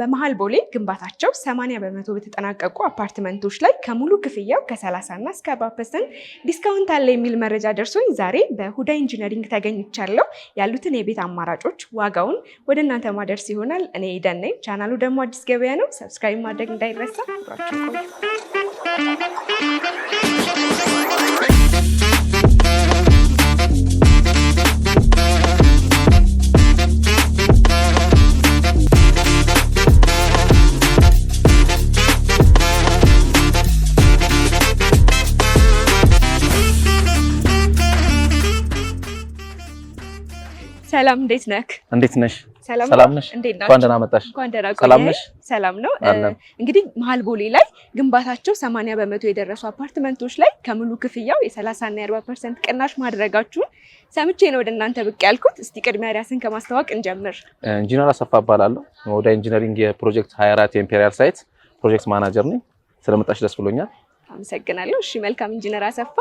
በመሀል ቦሌ ግንባታቸው 80 በመቶ በተጠናቀቁ አፓርትመንቶች ላይ ከሙሉ ክፍያው ከ30 እና እስከ 40 ፐርሰንት ዲስካውንት አለ የሚል መረጃ ደርሶኝ ዛሬ በሁዳ ኢንጂነሪንግ ተገኝቻለሁ። ያሉትን የቤት አማራጮች ዋጋውን ወደ እናንተ ማደርስ ይሆናል። እኔ ሄደን ነኝ። ቻናሉ ደግሞ አዲስ ገበያ ነው። ሰብስክራይብ ማድረግ እንዳይረሳ። ሰላም እንዴት ነክ? እንዴት ነሽ? ሰላም ነሽ? እንኳን ደህና መጣሽ። ሰላም ነሽ? ሰላም ነው። እንግዲህ መሀል ቦሌ ላይ ግንባታቸው ሰማንያ በመቶ የደረሱ አፓርትመንቶች ላይ ከሙሉ ክፍያው የ30 እና የ40 ፐርሰንት ቅናሽ ማድረጋችሁን ሰምቼ ነው ወደ እናንተ ብቅ ያልኩት። እስቲ ቅድሚያ ራስን ከማስተዋወቅ እንጀምር። ኢንጂነር አሰፋ እባላለሁ። ወደ ኢንጂነሪንግ የፕሮጀክት 24 የኢምፔሪያል ሳይት ፕሮጀክት ማናጀር ነኝ። ስለመጣሽ ደስ ብሎኛል። አመሰግናለሁ። እሺ መልካም ኢንጂነር አሰፋ፣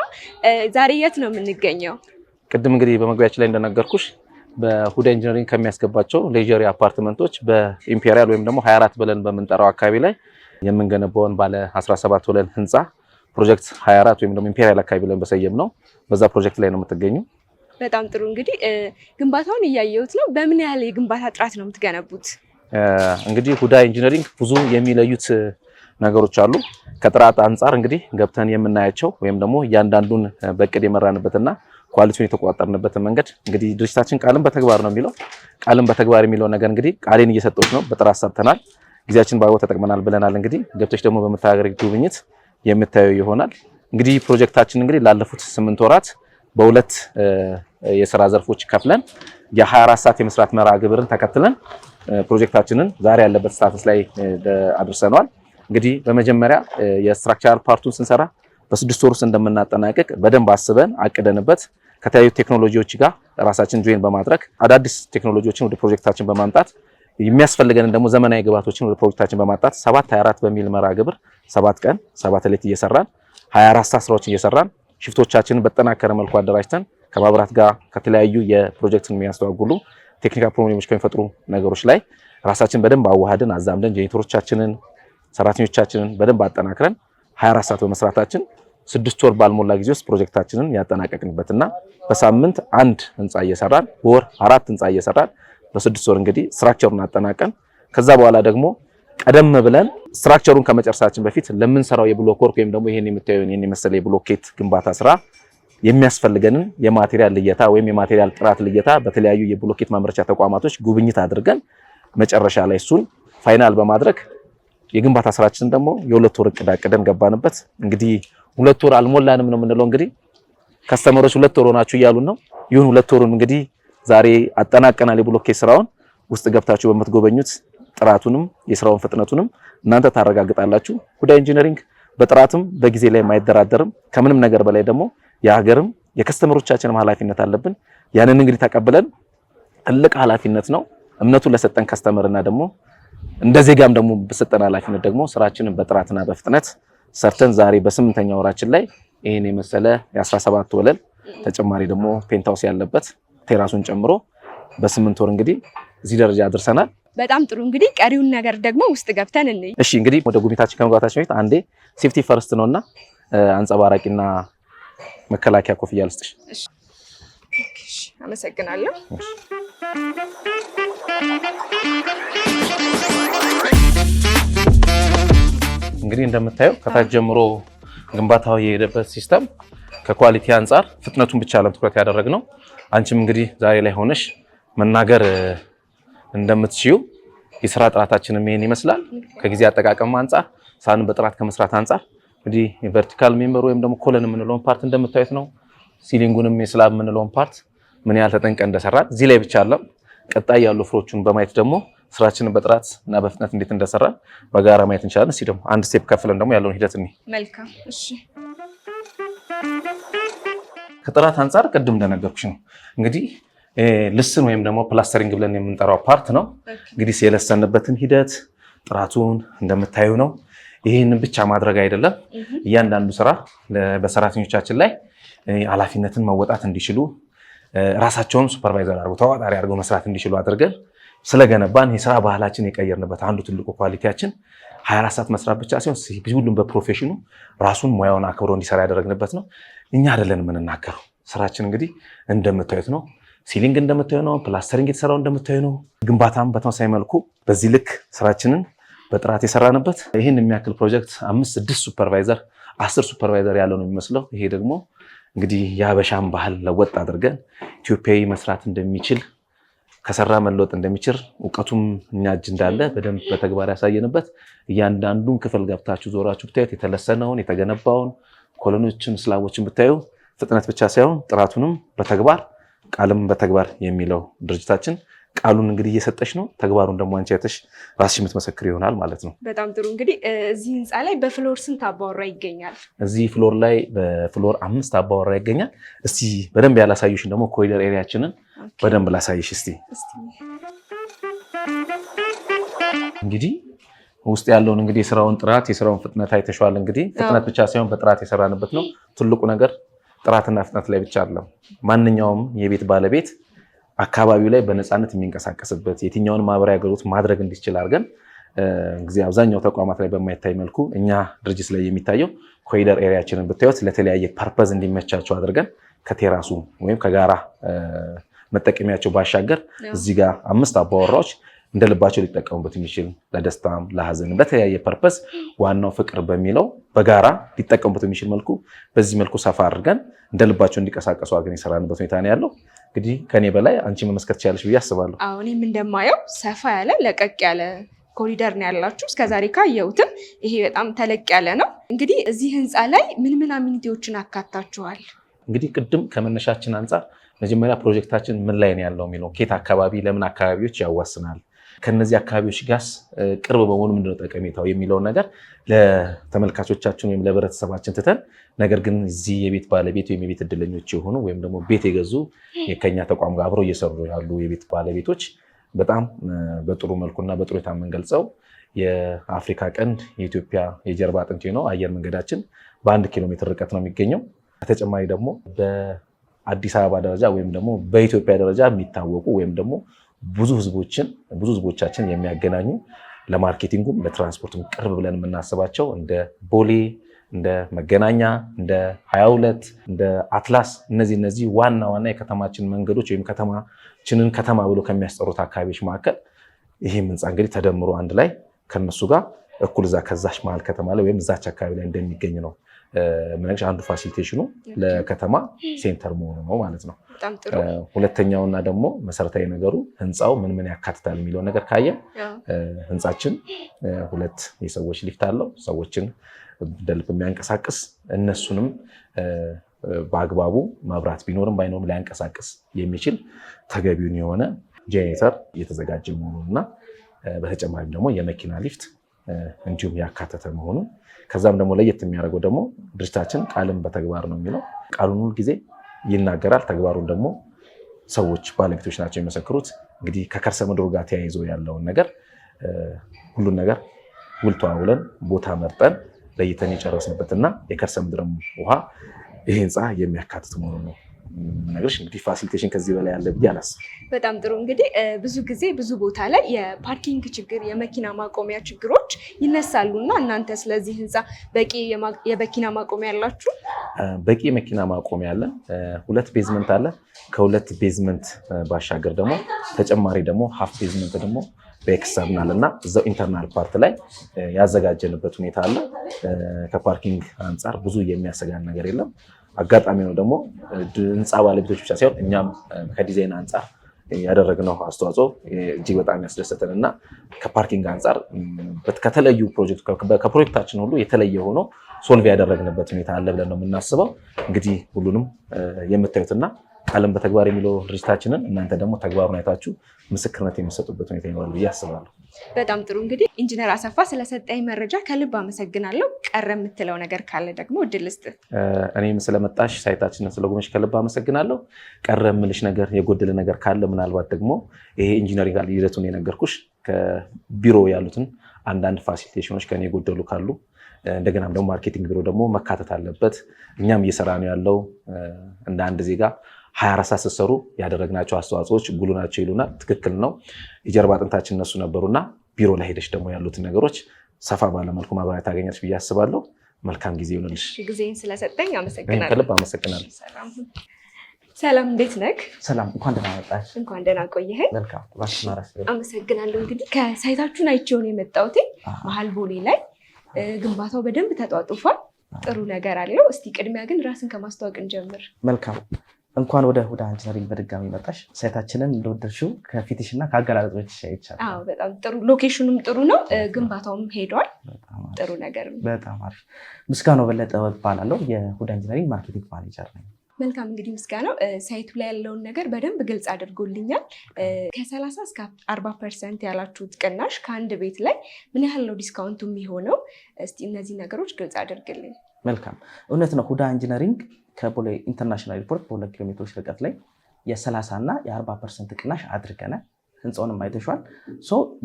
ዛሬ የት ነው የምንገኘው? ቅድም እንግዲህ በመግቢያችን ላይ እንደነገርኩሽ በሁዳ ኢንጂነሪንግ ከሚያስገባቸው ሌጀሪ አፓርትመንቶች በኢምፔሪያል ወይም ደግሞ 24 ብለን በምንጠራው አካባቢ ላይ የምንገነባውን ባለ 17 ወለል ህንፃ ፕሮጀክት 24 ወይም ደግሞ ኢምፔሪያል አካባቢ ብለን በሰየም ነው። በዛ ፕሮጀክት ላይ ነው የምትገኙ። በጣም ጥሩ እንግዲህ ግንባታውን እያየሁት ነው። በምን ያህል የግንባታ ጥራት ነው የምትገነቡት? እንግዲህ ሁዳ ኢንጂነሪንግ ብዙ የሚለዩት ነገሮች አሉ። ከጥራት አንጻር እንግዲህ ገብተን የምናያቸው ወይም ደግሞ እያንዳንዱን በቅድ የመራንበትና ኳሊቲውን የተቆጣጠርንበትን መንገድ እንግዲህ ድርጅታችን ቃልን በተግባር ነው የሚለው ቃልን በተግባር የሚለው ነገር እንግዲህ ቃሌን እየሰጠች ነው። በጥራት ሰርተናል፣ ጊዜያችን በአግባቡ ተጠቅመናል ብለናል። እንግዲህ ገብቶች ደግሞ በምታደርግ ጉብኝት የምታዩ ይሆናል። እንግዲህ ፕሮጀክታችን እንግዲህ ላለፉት ስምንት ወራት በሁለት የስራ ዘርፎች ከፍለን የ24 ሰዓት የመስራት መርሃ ግብርን ተከትለን ፕሮጀክታችንን ዛሬ ያለበት ስታትስ ላይ አድርሰነዋል። እንግዲህ በመጀመሪያ የስትራክቸር ፓርቱን ስንሰራ በስድስት ወር ውስጥ እንደምናጠናቀቅ በደንብ አስበን አቅደንበት ከተለያዩ ቴክኖሎጂዎች ጋር ራሳችን ጆይን በማድረግ አዳዲስ ቴክኖሎጂዎችን ወደ ፕሮጀክታችን በማምጣት የሚያስፈልገንን ደግሞ ዘመናዊ ግባቶችን ወደ ፕሮጀክታችን በማምጣት 724 በሚል መራ ግብር 7 ቀን 7 ሌሊት እየሰራን 24 ሰዓት ስራዎችን እየሰራን ሽፍቶቻችንን በጠናከረ መልኩ አደራጅተን ከማብራት ጋር ከተለያዩ የፕሮጀክትን የሚያስተዋጉሉ ቴክኒካል ፕሮብሌሞች ከሚፈጥሩ ነገሮች ላይ ራሳችን በደንብ አዋሃድን አዛምደን ጄኔተሮቻችንን ሰራተኞቻችንን በደንብ አጠናክረን 24 ሰዓት በመስራታችን ስድስት ወር ባልሞላ ጊዜ ውስጥ ፕሮጀክታችንን ያጠናቀቅንበትና በሳምንት አንድ ህንፃ እየሰራን በወር አራት ህንፃ እየሰራን በስድስት ወር እንግዲህ ስትራክቸሩን አጠናቀን ከዛ በኋላ ደግሞ ቀደም ብለን ስትራክቸሩን ከመጨረሳችን በፊት ለምንሰራው የብሎክ ወርክ ወይም ደግሞ ይሄን የምታዩን ይሄን የመሰለ የብሎኬት ግንባታ ስራ የሚያስፈልገንን የማቴሪያል ልየታ ወይም የማቴሪያል ጥራት ልየታ በተለያዩ የብሎኬት ማምረቻ ተቋማቶች ጉብኝት አድርገን መጨረሻ ላይ እሱን ፋይናል በማድረግ የግንባታ ስራችንን ደግሞ የሁለት ወር እቅድ አቅደን ገባንበት እንግዲህ ሁለት ወር አልሞላንም ነው የምንለው። እንግዲህ ከስተመሮች ሁለት ወር ሆናችሁ እያሉን ነው። ይሁን ሁለት ወሩን እንግዲህ ዛሬ አጠናቀናል። የብሎኬት ስራውን ውስጥ ገብታችሁ በምትጎበኙት ጥራቱንም የስራውን ፍጥነቱንም እናንተ ታረጋግጣላችሁ። ሁዳ ኢንጂነሪንግ በጥራትም በጊዜ ላይ ማይደራደርም። ከምንም ነገር በላይ ደግሞ የሀገርም የከስተመሮቻችንም ኃላፊነት አለብን። ያንን እንግዲህ ተቀብለን ትልቅ ኃላፊነት ነው እምነቱን ለሰጠን ከስተመርና ደግሞ እንደ ዜጋም ደግሞ በሰጠን ኃላፊነት ደግሞ ስራችንን በጥራትና በፍጥነት ሰርተን ዛሬ በስምንተኛ ወራችን ላይ ይህን የመሰለ የ17 ወለል ተጨማሪ ደግሞ ፔንታውስ ያለበት ቴራሱን ጨምሮ በስምንት ወር እንግዲህ እዚህ ደረጃ አድርሰናል። በጣም ጥሩ እንግዲህ ቀሪውን ነገር ደግሞ ውስጥ ገብተን እንይ። እሺ እንግዲህ ወደ ጉብኝታችን ከመግባታችን በፊት አንዴ ሴፍቲ ፈርስት እና አንጸባራቂና መከላከያ ኮፍያ ልስጥሽ። አመሰግናለሁ። እንግዲህ እንደምታየው ከታች ጀምሮ ግንባታው የሄደበት ሲስተም ከኳሊቲ አንጻር ፍጥነቱን ብቻ ለም ትኩረት ያደረግ ነው። አንቺም እንግዲህ ዛሬ ላይ ሆነሽ መናገር እንደምትችዩ የስራ ጥራታችንም ይሄን ይመስላል። ከጊዜ አጠቃቀም አንጻር ሳህንን በጥራት ከመስራት አንጻር እንግዲህ ቨርቲካል ሜምበር ወይም ደግሞ ኮለን የምንለውን ፓርት እንደምታዩት ነው። ሲሊንጉንም የስላብ የምንለውን ፓርት ምን ያህል ተጠንቀ እንደሰራት እዚህ ላይ ብቻ አለም ቀጣይ ያሉ ፍሮቹን በማየት ደግሞ ስራችንን በጥራት እና በፍጥነት እንዴት እንደሰራ በጋራ ማየት እንችላለን። እስኪ ደግሞ አንድ ስቴፕ ከፍለን ደግሞ ያለውን ሂደት እኒ መልካም እሺ ከጥራት አንጻር ቅድም እንደነገርኩሽ ነው እንግዲህ ልስን ወይም ደግሞ ፕላስተሪንግ ብለን የምንጠራው ፓርት ነው እንግዲህ የለሰንበትን ሂደት ጥራቱን እንደምታዩ ነው። ይህንን ብቻ ማድረግ አይደለም፣ እያንዳንዱ ስራ በሰራተኞቻችን ላይ ኃላፊነትን መወጣት እንዲችሉ ራሳቸውን ሱፐርቫይዘር አድርገው ተዋጣሪ አድርገው መስራት እንዲችሉ አድርገን ስለገነባን የስራ ባህላችን የቀየርንበት አንዱ ትልቁ ኳሊቲያችን 24 ሰዓት መስራት ብቻ ሲሆን ሁሉም በፕሮፌሽኑ ራሱን ሙያውን አክብሮ እንዲሰራ ያደረግንበት ነው። እኛ አይደለን የምንናገረው። ስራችን እንግዲህ እንደምታዩት ነው። ሲሊንግ እንደምታዩ ነው። ፕላስተሪንግ የተሰራው እንደምታዩ ነው። ግንባታም በተመሳሳይ መልኩ በዚህ ልክ ስራችንን በጥራት የሰራንበት ይህን የሚያክል ፕሮጀክት አምስት ስድስት ሱፐርቫይዘር አስር ሱፐርቫይዘር ያለው ነው የሚመስለው። ይሄ ደግሞ እንግዲህ የአበሻን ባህል ለወጥ አድርገን ኢትዮጵያዊ መስራት እንደሚችል ከሰራ መለወጥ እንደሚችል እውቀቱም እኛ እጅ እንዳለ በደንብ በተግባር ያሳየንበት እያንዳንዱን ክፍል ገብታችሁ ዞራችሁ ብታዩት የተለሰነውን የተገነባውን ኮሎኖችን ስላቦችን ብታዩ ፍጥነት ብቻ ሳይሆን ጥራቱንም በተግባር ቃልም በተግባር የሚለው ድርጅታችን ቃሉን እንግዲህ እየሰጠች ነው። ተግባሩን ደግሞ አንቺ አይተሽ ራስሽ የምትመሰክር ይሆናል ማለት ነው። በጣም ጥሩ። እንግዲህ እዚህ ህንፃ ላይ በፍሎር ስንት አባወራ ይገኛል? እዚህ ፍሎር ላይ በፍሎር አምስት አባወራ ይገኛል። እስቲ በደንብ ያላሳዩሽን ደግሞ ኮሪደር ኤሪያችንን በደንብ ላሳይሽ እስቲ። እንግዲህ ውስጥ ያለውን እንግዲህ የስራውን ጥራት የስራውን ፍጥነት አይተሸዋል። እንግዲህ ፍጥነት ብቻ ሳይሆን በጥራት የሰራንበት ነው። ትልቁ ነገር ጥራትና ፍጥነት ላይ ብቻ አለም። ማንኛውም የቤት ባለቤት አካባቢው ላይ በነፃነት የሚንቀሳቀስበት የትኛውን ማህበራዊ አገልግሎት ማድረግ እንዲችል አድርገን እንግዲህ አብዛኛው ተቋማት ላይ በማይታይ መልኩ እኛ ድርጅት ላይ የሚታየው ኮሪደር ኤሪያችንን ብታዩት ለተለያየ ፐርፐዝ እንዲመቻቸው አድርገን ከቴራሱ ወይም ከጋራ መጠቀሚያቸው ባሻገር እዚህ ጋር አምስት አባወራዎች እንደ ልባቸው ሊጠቀሙበት የሚችል ለደስታም፣ ለሀዘንም ለተለያየ ፐርፐስ ዋናው ፍቅር በሚለው በጋራ ሊጠቀሙበት የሚችል መልኩ በዚህ መልኩ ሰፋ አድርገን እንደ ልባቸው እንዲቀሳቀሱ አድርገን የሰራንበት ሁኔታ ነው ያለው። እንግዲህ ከኔ በላይ አንቺ መመስከር ትችላለሽ ብዬ አስባለሁ። እኔም እንደማየው ሰፋ ያለ ለቀቅ ያለ ኮሪደር ነው ያላችሁ። እስከዛሬ ካየሁትም ይሄ በጣም ተለቅ ያለ ነው። እንግዲህ እዚህ ህንፃ ላይ ምን ምን አሚኒቲዎችን አካታችኋል? እንግዲህ ቅድም ከመነሻችን አንጻር መጀመሪያ ፕሮጀክታችን ምን ላይ ነው ያለው የሚለው ኬት አካባቢ ለምን አካባቢዎች ያዋስናል ከነዚህ አካባቢዎች ጋስ ቅርብ በመሆኑ ምንድነው ጠቀሜታው የሚለውን ነገር ለተመልካቾቻችን ወይም ለህብረተሰባችን ትተን፣ ነገር ግን እዚህ የቤት ባለቤት ወይም የቤት እድለኞች የሆኑ ወይም ደግሞ ቤት የገዙ ከኛ ተቋም ጋር አብረው እየሰሩ ያሉ የቤት ባለቤቶች በጣም በጥሩ መልኩና በጥሩ የምንገልጸው የአፍሪካ ቀንድ የኢትዮጵያ የጀርባ አጥንት ነው። አየር መንገዳችን በአንድ ኪሎ ሜትር ርቀት ነው የሚገኘው። በተጨማሪ ደግሞ በአዲስ አበባ ደረጃ ወይም ደግሞ በኢትዮጵያ ደረጃ የሚታወቁ ወይም ደግሞ ብዙ ህዝቦችን ብዙ ህዝቦቻችን የሚያገናኙ ለማርኬቲንጉም ለትራንስፖርትም ቅርብ ብለን የምናስባቸው እንደ ቦሌ፣ እንደ መገናኛ፣ እንደ ሀያ ሁለት እንደ አትላስ እነዚህ እነዚህ ዋና ዋና የከተማችን መንገዶች ወይም ከተማችንን ከተማ ብሎ ከሚያስጠሩት አካባቢዎች መካከል ይህም ህንፃ እንግዲህ ተደምሮ አንድ ላይ ከነሱ ጋር እኩል እዛ ከዛች መሀል ከተማ ላይ ወይም እዛች አካባቢ ላይ እንደሚገኝ ነው ምንሽ አንዱ ፋሲሊቴሽኑ ለከተማ ሴንተር መሆኑ ነው ማለት ነው። ሁለተኛውና ደግሞ መሰረታዊ ነገሩ ህንፃው ምን ምን ያካትታል የሚለውን ነገር ካየ ህንፃችን ሁለት የሰዎች ሊፍት አለው። ሰዎችን ደልብ የሚያንቀሳቅስ እነሱንም በአግባቡ መብራት ቢኖርም ባይኖርም ሊያንቀሳቅስ የሚችል ተገቢውን የሆነ ጄኔተር እየተዘጋጀ መሆኑን እና በተጨማሪም ደግሞ የመኪና ሊፍት እንዲሁም ያካተተ መሆኑን ከዛም ደግሞ ለየት የሚያደርገው ደግሞ ድርጅታችን ቃልን በተግባር ነው የሚለው ቃሉን ሁል ጊዜ ይናገራል። ተግባሩን ደግሞ ሰዎች ባለቤቶች ናቸው የሚመሰክሩት። እንግዲህ ከከርሰ ምድሩ ጋር ተያይዞ ያለውን ነገር ሁሉን ነገር ውልቷ ውለን ቦታ መርጠን ለይተን የጨረስንበትና የከርሰ ምድርም ውሃ ይህ ህንፃ የሚያካትት መሆኑ ነው ነገሮች እንግዲህ ፋሲሊቴሽን ከዚህ በላይ አለ ብዬ አላስብ። በጣም ጥሩ እንግዲህ ብዙ ጊዜ ብዙ ቦታ ላይ የፓርኪንግ ችግር፣ የመኪና ማቆሚያ ችግሮች ይነሳሉ እና እናንተ ስለዚህ ህንፃ በቂ የመኪና ማቆሚያ አላችሁ? በቂ የመኪና ማቆሚያ አለ። ሁለት ቤዝመንት አለ። ከሁለት ቤዝመንት ባሻገር ደግሞ ተጨማሪ ደግሞ ሀፍ ቤዝመንት ደግሞ በኤክስተርናል እና እዛው ኢንተርናል ፓርት ላይ ያዘጋጀንበት ሁኔታ አለ። ከፓርኪንግ አንጻር ብዙ የሚያሰጋን ነገር የለም። አጋጣሚ ነው ደግሞ ህንፃ ባለቤቶች ብቻ ሳይሆን እኛም ከዲዛይን አንጻር ያደረግነው አስተዋጽኦ እጅግ በጣም ያስደሰተን እና ከፓርኪንግ አንጻር ከተለዩ ፕሮጀክት ከፕሮጀክታችን ሁሉ የተለየ ሆኖ ሶልቭ ያደረግንበት ሁኔታ አለ ብለን ነው የምናስበው። እንግዲህ ሁሉንም የምታዩትና ቃልን በተግባር የሚለው ድርጅታችንን እናንተ ደግሞ ተግባሩን አይታችሁ ምስክርነት የሚሰጡበት ሁኔታ ይኖራል ብዬ አስባለሁ። በጣም ጥሩ እንግዲህ ኢንጂነር አሰፋ ስለሰጠኝ መረጃ ከልብ አመሰግናለሁ። ቀረ የምትለው ነገር ካለ ደግሞ እድል ስጥ። እኔም ስለመጣሽ ሳይታችንን ስለጎመሽ ከልብ አመሰግናለሁ። ቀረ የምልሽ ነገር የጎደለ ነገር ካለ ምናልባት ደግሞ ይሄ ኢንጂነሪንግ ሂደቱን የነገርኩሽ ከቢሮ ያሉትን አንዳንድ ፋሲሊቴሽኖች ከኔ የጎደሉ ካሉ እንደገናም ደግሞ ማርኬቲንግ ቢሮ ደግሞ መካተት አለበት። እኛም እየሰራ ነው ያለው እንደ አንድ ዜጋ 24 ሰዓት ስትሰሩ ያደረግናቸው አስተዋጽኦች ጉሉ ናቸው ይሉና ትክክል ነው። የጀርባ አጥንታችን እነሱ ነበሩና ቢሮ ላይ ሄደች ደግሞ ያሉትን ነገሮች ሰፋ ባለመልኩ ማብራሪያ ታገኛች ብዬ አስባለሁ። መልካም ጊዜ ይሆንልሽ። ጊዜን ስለሰጠኝ አመሰግናለሁ። ከልብ አመሰግናለሁ። ሰላም እንዴት ነህ? ሰላም እንኳን ደህና መጣሽ። እንኳን ደህና ቆየኸኝ። አመሰግናለሁ። እንግዲህ ከሳይታችሁን አይቼውን የመጣሁት መሀል ቦሌ ላይ ግንባታው በደንብ ተጧጡፏል። ጥሩ ነገር አለው። እስቲ ቅድሚያ ግን ራስን ከማስተዋወቅ እንጀምር። መልካም እንኳን ወደ ሁዳ ኢንጂነሪንግ በድጋሚ መጣሽ። ሳይታችንን እንደወደድሽው ከፊትሽ እና ከአገላለጦች አይቻልም። በጣም ጥሩ ሎኬሽኑም ጥሩ ነው፣ ግንባታውም ሄዷል። ጥሩ ነገር። በጣም አሪፍ። ምስጋናው በለጠ እባላለሁ የሁዳ ኢንጂነሪንግ ማርኬቲንግ ማኔጀር ነኝ። መልካም እንግዲህ ምስጋናው ሳይቱ ላይ ያለውን ነገር በደንብ ግልጽ አድርጎልኛል። ከሰላሳ እስከ አርባ ፐርሰንት ያላችሁት ቅናሽ ከአንድ ቤት ላይ ምን ያህል ነው ዲስካውንቱ የሚሆነው? እስ እነዚህ ነገሮች ግልጽ አድርግልኝ። መልካም እውነት ነው ሁዳ ኢንጂነሪንግ ከቦሌ ኢንተርናሽናል ኤርፖርት በሁለት ኪሎ ሜትሮች ርቀት ላይ የ30 እና የ40 ፐርሰንት ቅናሽ አድርገነ ህንፃውንም አይተሸዋል።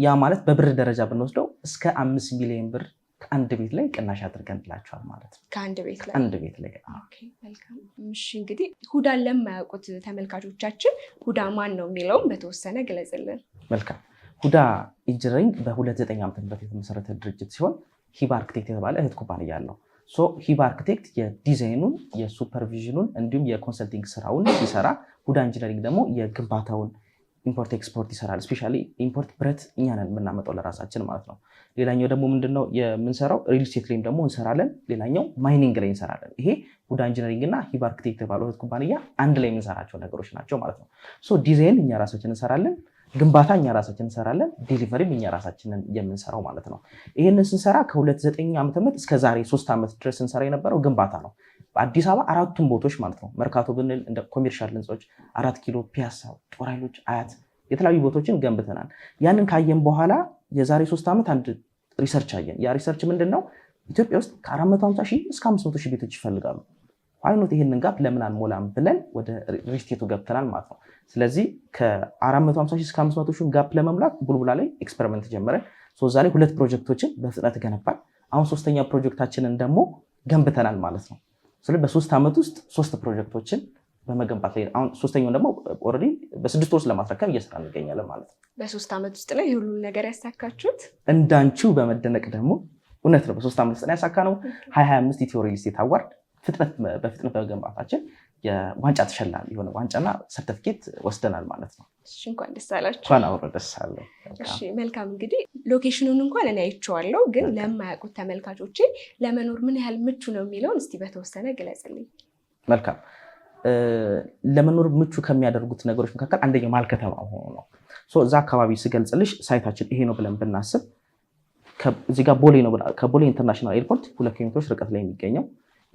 ያ ማለት በብር ደረጃ ብንወስደው እስከ አምስት ሚሊዮን ብር ከአንድ ቤት ላይ ቅናሽ አድርገን ብላቸዋል ማለት ነው። ከአንድ ቤት ላይ ቤት ላይ እሺ እንግዲህ ሁዳን ለማያውቁት ተመልካቾቻችን ሁዳ ማን ነው የሚለውም በተወሰነ ግለጽልን። መልካም። ሁዳ ኢንጂነሪንግ በ29 ዓመት በፊት የተመሰረተ ድርጅት ሲሆን ሂባ አርክቴክት የተባለ እህት ኩባንያ አለው። ሂብ አርክቴክት የዲዛይኑን የሱፐርቪዥኑን እንዲሁም የኮንሰልቲንግ ስራውን ሲሰራ ሁዳ ኢንጂነሪንግ ደግሞ የግንባታውን ኢምፖርት ኤክስፖርት ይሰራል። ስፔሻሊ ኢምፖርት ብረት እኛ ነን የምናመጣው ለራሳችን ማለት ነው። ሌላኛው ደግሞ ምንድነው የምንሰራው? ሪል ስቴት ላይም ደግሞ እንሰራለን። ሌላኛው ማይኒንግ ላይ እንሰራለን። ይሄ ሁዳ ኢንጂነሪንግ እና ሂብ አርክቴክት የተባለ ሁለት ኩባንያ አንድ ላይ የምንሰራቸው ነገሮች ናቸው ማለት ነው። ዲዛይን እኛ ራሳችን እንሰራለን። ግንባታ እኛ ራሳችን እንሰራለን። ዴሊቨሪም እኛ ራሳችንን የምንሰራው ማለት ነው። ይህንን ስንሰራ ከሁለት ዘጠኝ ዓመተ ምህረት እስከ ዛሬ ሶስት ዓመት ድረስ ስንሰራ የነበረው ግንባታ ነው። በአዲስ አበባ አራቱም ቦታዎች ማለት ነው መርካቶ ብንል እንደ ኮሜርሻል ህንፃዎች፣ አራት ኪሎ፣ ፒያሳ፣ ጦር ኃይሎች፣ አያት የተለያዩ ቦታዎችን ገንብተናል። ያንን ካየን በኋላ የዛሬ ሶስት ዓመት አንድ ሪሰርች አየን። ያ ሪሰርች ምንድን ነው? ኢትዮጵያ ውስጥ ከ450 ሺህ እስከ 500 ሺህ ቤቶች ይፈልጋሉ። አይኖት ይሄንን ጋፕ ለምን አንሞላም ብለን ወደ ሪስቴቱ ገብተናል ማለት ነው። ስለዚህ ከ450 እስከ 500 ሺህ ጋፕ ለመሙላት ቡልቡላ ላይ ኤክስፐሪመንት ጀመረ። እዛ ላይ ሁለት ፕሮጀክቶችን በፍጥነት ገነባል። አሁን ሶስተኛ ፕሮጀክታችንን ደግሞ ገንብተናል ማለት ነው። ስለዚህ በሶስት ዓመት ውስጥ ሶስት ፕሮጀክቶችን በመገንባት ላይ አሁን ሶስተኛውን ደግሞ ኦልሬዲ በስድስት ወር ለማስረከብ እየሰራ እንገኛለን ማለት ነው። በሶስት ዓመት ውስጥ ላይ ሁሉ ነገር ያሳካችሁት እንዳንቺው በመደነቅ ደግሞ እውነት ነው። በሶስት ዓመት ውስጥ ያሳካ ነው። ሀያ ኢትዮ ሪል ስቴት አዋርድ ፍጥነት በፍጥነት በመገንባታችን የዋንጫ ተሸላሚ የሆነ ዋንጫና ሰርተፍኬት ወስደናል ማለት ነው። እንኳን ደስ አላችሁ። እንኳን አብሮ ደስ መልካም እንግዲህ ሎኬሽኑን እንኳን እኔ አይቼዋለሁ፣ ግን ለማያውቁት ተመልካቾቼ ለመኖር ምን ያህል ምቹ ነው የሚለውን እስቲ በተወሰነ ግለጽልኝ። መልካም ለመኖር ምቹ ከሚያደርጉት ነገሮች መካከል አንደኛው መሀል ከተማ መሆኑ ነው። እዛ አካባቢ ስገልጽልሽ ሳይታችን ይሄ ነው ብለን ብናስብ ከቦሌ ኢንተርናሽናል ኤርፖርት ሁለት ኪሎ ሜትሮች ርቀት ላይ የሚገኘው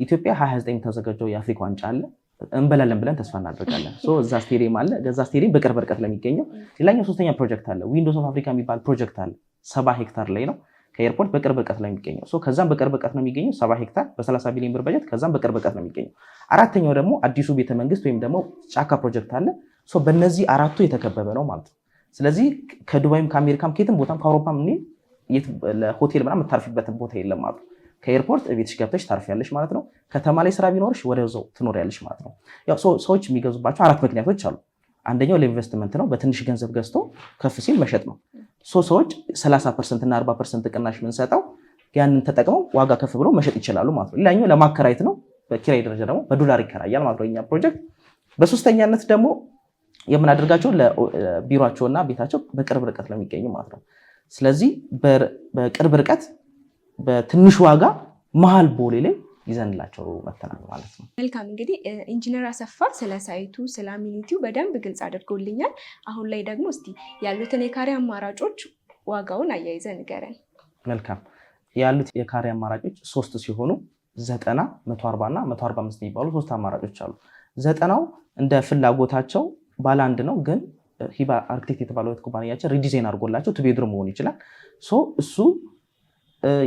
ኢትዮጵያ 29 የምታዘጋጀው የአፍሪካ ዋንጫ አለ እንበላለን ብለን ተስፋ እናደርጋለን። እዛ ስቴዲየም አለ። ገዛ ስቴዲየም በቅርብ ርቀት ለሚገኘው ሌላኛው ሶስተኛ ፕሮጀክት አለ። ዊንዶስ ኦፍ አፍሪካ የሚባል ፕሮጀክት አለ። ሰባ ሄክታር ላይ ነው ከኤርፖርት በቅርብ ርቀት ላይ የሚገኘው። ከዛም በቅርብ ርቀት ነው የሚገኘው ሰባ ሄክታር በ30 ቢሊዮን ብር በጀት። ከዛም በቅርብ ርቀት ነው የሚገኘው። አራተኛው ደግሞ አዲሱ ቤተመንግስት ወይም ደግሞ ጫካ ፕሮጀክት አለ። በእነዚህ አራቱ የተከበበ ነው ማለት ነው። ስለዚህ ከዱባይም ከአሜሪካም ከየትም ቦታም ከአውሮፓም ለሆቴል ምናምን የምታርፊበትን ቦታ የለም ማለት ነው። ከኤርፖርት ቤትሽ ገብተሽ ያለሽ ማለት ነው። ከተማ ላይ ስራ ቢኖርሽ ትኖር ያለሽ ማለት ነው። ያው ሰዎች የሚገዙባቸው አራት ምክንያቶች አሉ። አንደኛው ለኢንቨስትመንት ነው። በትንሽ ገንዘብ ገዝቶ ከፍ ሲል መሸጥ ነው። ሶ ሰዎች 30 ፐርሰንት እና 40 ፐርሰንት ቅናሽ ምንሰጠው ያንን ተጠቅመው ዋጋ ከፍ ብሎ መሸጥ ይችላሉ ማለት ነው። ሌላኛው ለማከራየት ነው። በኪራይ ደረጃ ደግሞ በዶላር ይከራያል ማለት ነው የእኛ ፕሮጀክት። በሶስተኛነት ደግሞ የምናደርጋቸው ለቢሮቸውና ቤታቸው በቅርብ ርቀት ለሚገኙ ማለት ነው። ስለዚህ በቅርብ ርቀት በትንሽ ዋጋ መሀል ቦሌ ላይ ይዘንላቸው መተናል ማለት ነው። መልካም እንግዲህ ኢንጂነር አሰፋ ስለ ሳይቱ ስለ አሚኒቲው በደንብ ግልጽ አድርጎልኛል። አሁን ላይ ደግሞ እስቲ ያሉትን የካሬ አማራጮች ዋጋውን አያይዘ ንገረን። መልካም ያሉት የካሬ አማራጮች ሶስት ሲሆኑ ዘጠና መቶ አርባ እና መቶ አርባ አምስት የሚባሉ ሶስት አማራጮች አሉ። ዘጠናው እንደ ፍላጎታቸው ባለ አንድ ነው ግን ሂባ አርክቴክት የተባለ ኩባንያቸው ሪዲዛይን አድርጎላቸው ቱቤድሮ መሆን ይችላል እሱ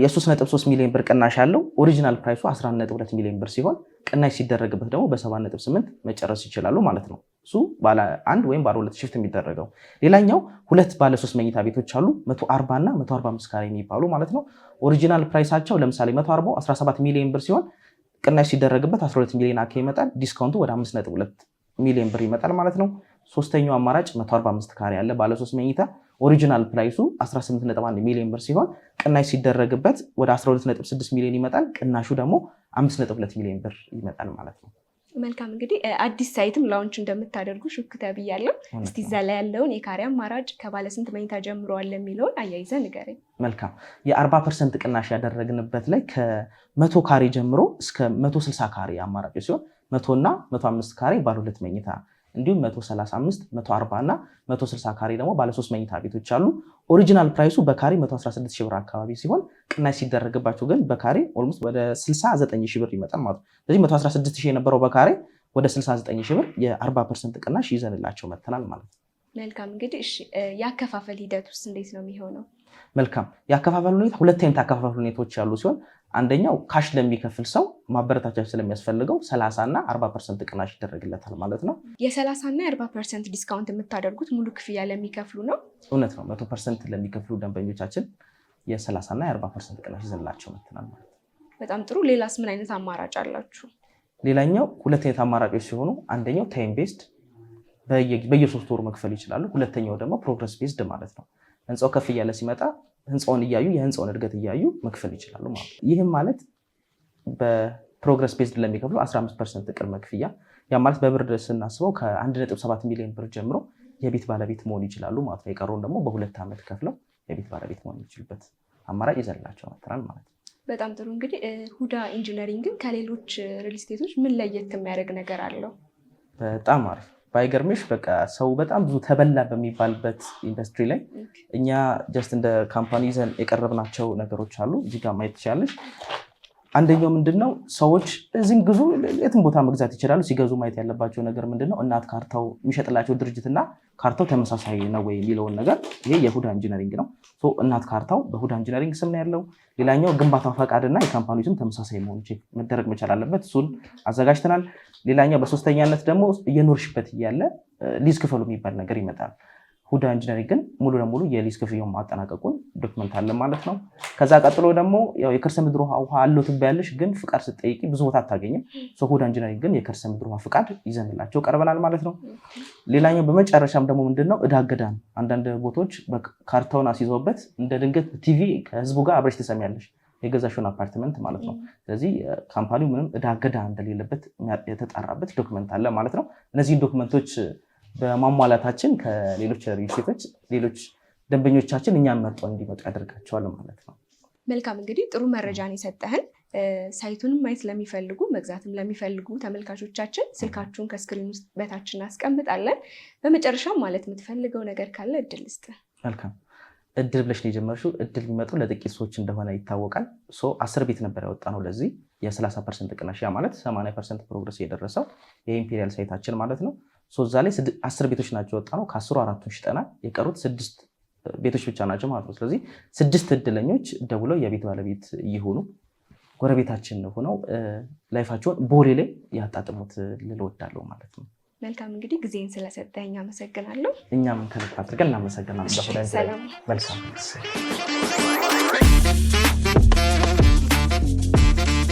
የ3.3 ሚሊዮን ብር ቅናሽ ያለው ኦሪጂናል ፕራይሱ 11.2 ሚሊዮን ብር ሲሆን ቅናሽ ሲደረግበት ደግሞ በ7.8 መጨረስ ይችላሉ ማለት ነው። እሱ ባለ አንድ ወይም ባለ ሁለት ሽፍት የሚደረገው። ሌላኛው ሁለት ባለ ሶስት መኝታ ቤቶች አሉ 140 እና 145 ካሬ የሚባሉ ማለት ነው። ኦሪጂናል ፕራይሳቸው ለምሳሌ 140 17 ሚሊዮን ብር ሲሆን ቅናሽ ሲደረግበት 12 ሚሊዮን አካ ይመጣል። ዲስካውንቱ ወደ 5.2 ሚሊዮን ብር ይመጣል ማለት ነው። ሶስተኛው አማራጭ 145 ካሬ ያለ ባለ ሶስት መኝታ ኦሪጂናል ፕራይሱ 18.1 ሚሊዮን ብር ሲሆን ቅናሽ ሲደረግበት ወደ 12.6 ሚሊዮን ይመጣል። ቅናሹ ደግሞ 5.2 ሚሊዮን ብር ይመጣል ማለት ነው። መልካም እንግዲህ አዲስ ሳይትም ላውንች እንደምታደርጉ እስቲ እዛ ላይ ያለውን የካሬ አማራጭ ከባለስንት መኝታ ጀምረዋል የሚለውን አያይዘ ንገረኝ። መልካም የአርባ ፐርሰንት ቅናሽ ያደረግንበት ላይ ከመቶ ካሬ ጀምሮ እስከ መቶ ስልሳ ካሬ አማራጭ ሲሆን መቶና መቶ አምስት ካሬ መኝታ እንዲሁም 135፣ 140 እና 160 ካሬ ደግሞ ባለሶስት መኝታ ቤቶች አሉ። ኦሪጂናል ፕራይሱ በካሬ 116 ሺህ ብር አካባቢ ሲሆን ቅናሽ ሲደረግባቸው ግን በካሬ ኦልሞስት ወደ 69 ሺህ ብር ይመጣል ማለት ነው። ስለዚህ 116 ሺህ የነበረው በካሬ ወደ 69 ሺህ ብር የ40 ፐርሰንት ቅናሽ ይዘንላቸው መተናል ማለት ነው። መልካም እንግዲህ እሺ፣ የአከፋፈል ሂደት ውስጥ እንዴት ነው የሚሆነው? መልካም የአከፋፈል ሁኔታ ሁለት አይነት አከፋፈል ሁኔታዎች ያሉ ሲሆን አንደኛው ካሽ ለሚከፍል ሰው ማበረታቻች ስለሚያስፈልገው ሰላሳና አርባ ፐርሰንት ቅናሽ ይደረግለታል ማለት ነው። የሰላሳና የአርባ ፐርሰንት ዲስካውንት የምታደርጉት ሙሉ ክፍያ ለሚከፍሉ ነው? እውነት ነው። መቶ ፐርሰንት ለሚከፍሉ ደንበኞቻችን የሰላሳና የአርባ ፐርሰንት ቅናሽ ይዘንላቸው መትናል ማለት ነው። በጣም ጥሩ። ሌላስ ምን አይነት አማራጭ አላችሁ? ሌላኛው ሁለት አይነት አማራጮች ሲሆኑ አንደኛው ታይም ቤዝድ በየሶስት ወሩ መክፈል ይችላሉ። ሁለተኛው ደግሞ ፕሮግረስ ቤዝድ ማለት ነው። ህንፃው ከፍ እያለ ሲመጣ ህንፃውን እያዩ የህንፃውን እድገት እያዩ መክፈል ይችላሉ ማለት ነው። ይህም ማለት በፕሮግረስ ቤዝድ ለሚከፍሉ 15 ፐርሰንት ቅድመ ክፍያ ያ ማለት በብር ስናስበው ከ1.7 ሚሊዮን ብር ጀምሮ የቤት ባለቤት መሆን ይችላሉ ማለት ነው። የቀረውን ደግሞ በሁለት ዓመት ከፍለው የቤት ባለቤት መሆን የሚችሉበት አማራጭ ይዘላቸው መጥተናል ማለት ነው። በጣም ጥሩ እንግዲህ ሁዳ ኢንጂነሪንግን ከሌሎች ሪል ስቴቶች ምን ለየት የሚያደርግ ነገር አለው? በጣም አሪፍ ባይገርምሽ በቃ ሰው በጣም ብዙ ተበላ በሚባልበት ኢንዱስትሪ ላይ እኛ ጀስት እንደ ካምፓኒ ይዘን የቀረብናቸው ነገሮች አሉ። እዚጋ ማየት ትችላለሽ። አንደኛው ምንድነው ሰዎች እዚህም ግዙ የትም ቦታ መግዛት ይችላሉ። ሲገዙ ማየት ያለባቸው ነገር ምንድነው እናት ካርታው የሚሸጥላቸው ድርጅትና ካርታው ተመሳሳይ ነው ወይ የሚለውን ነገር። ይሄ የሁዳ ኢንጂነሪንግ ነው። እናት ካርታው በሁዳ ኢንጂነሪንግ ስም ነው ያለው። ሌላኛው ግንባታው ፈቃድና የካምፓኒ ስም ተመሳሳይ መሆኑ መደረግ መቻል አለበት። እሱን አዘጋጅተናል። ሌላኛው በሶስተኛነት ደግሞ እየኖርሽበት እያለ ሊዝ ክፈሉ የሚባል ነገር ይመጣል። ሁዳ ግን ሙሉ ለሙሉ የሊዝ ክፍያውን ማጠናቀቁን ዶክመንት አለን ማለት ነው። ከዛ ቀጥሎ ደግሞ የከርሰ ምድር ውሃ አለው ትባያለሽ፣ ግን ፍቃድ ስጠይቂ ብዙ ቦታ አታገኝም። ሁዳ ኢንጂነሪንግ ግን የከርሰ ምድር ውሃ ፍቃድ ይዘንላቸው ቀርበናል ማለት ነው። ሌላኛው በመጨረሻም ደግሞ ምንድነው እዳ አንዳንድ ቦታዎች ካርታውን አስይዘውበት እንደ ድንገት ቲቪ ከህዝቡ ጋር አብረሽ ትሰሚያለሽ የገዛሽውን አፓርትመንት ማለት ነው። ስለዚህ ካምፓኒው ምንም እዳ ገዳ እንደሌለበት የተጣራበት ዶክመንት አለ ማለት ነው። እነዚህን ዶክመንቶች በማሟላታችን ከሌሎች ሪሴቶች ሌሎች ደንበኞቻችን እኛን መርጠው እንዲመጡ ያደርጋቸዋል ማለት ነው። መልካም እንግዲህ ጥሩ መረጃን የሰጠህን ሳይቱንም ማየት ለሚፈልጉ መግዛትም ለሚፈልጉ ተመልካቾቻችን ስልካችሁን ከስክሪን ውስጥ በታች እናስቀምጣለን። በመጨረሻም ማለት የምትፈልገው ነገር ካለ እድል ስጥ። መልካም እድል ብለሽ ነው የጀመርሽው። እድል የሚመጡ ለጥቂት ሰዎች እንደሆነ ይታወቃል። አስር ቤት ነበር ያወጣ ነው ለዚህ የ30 ፐርሰንት ቅናሽ ማለት 80 ፐርሰንት ፕሮግረስ የደረሰው የኢምፔሪያል ሳይታችን ማለት ነው። እዛ ላይ አስር ቤቶች ናቸው ወጣ ነው። ከአስሩ አራቱን ሽጠናል። የቀሩት ስድስት ቤቶች ብቻ ናቸው ማለት ነው። ስለዚህ ስድስት እድለኞች ደውለው የቤት ባለቤት ይሁኑ። ጎረቤታችን ሆነው ላይፋቸውን ቦሌ ላይ ያጣጥሙት ልል እወዳለሁ ማለት ነው። መልካም እንግዲህ ጊዜን ስለሰጠኝ አመሰግናለሁ። እኛም ከልብ አድርገን እናመሰግናለን። መልካም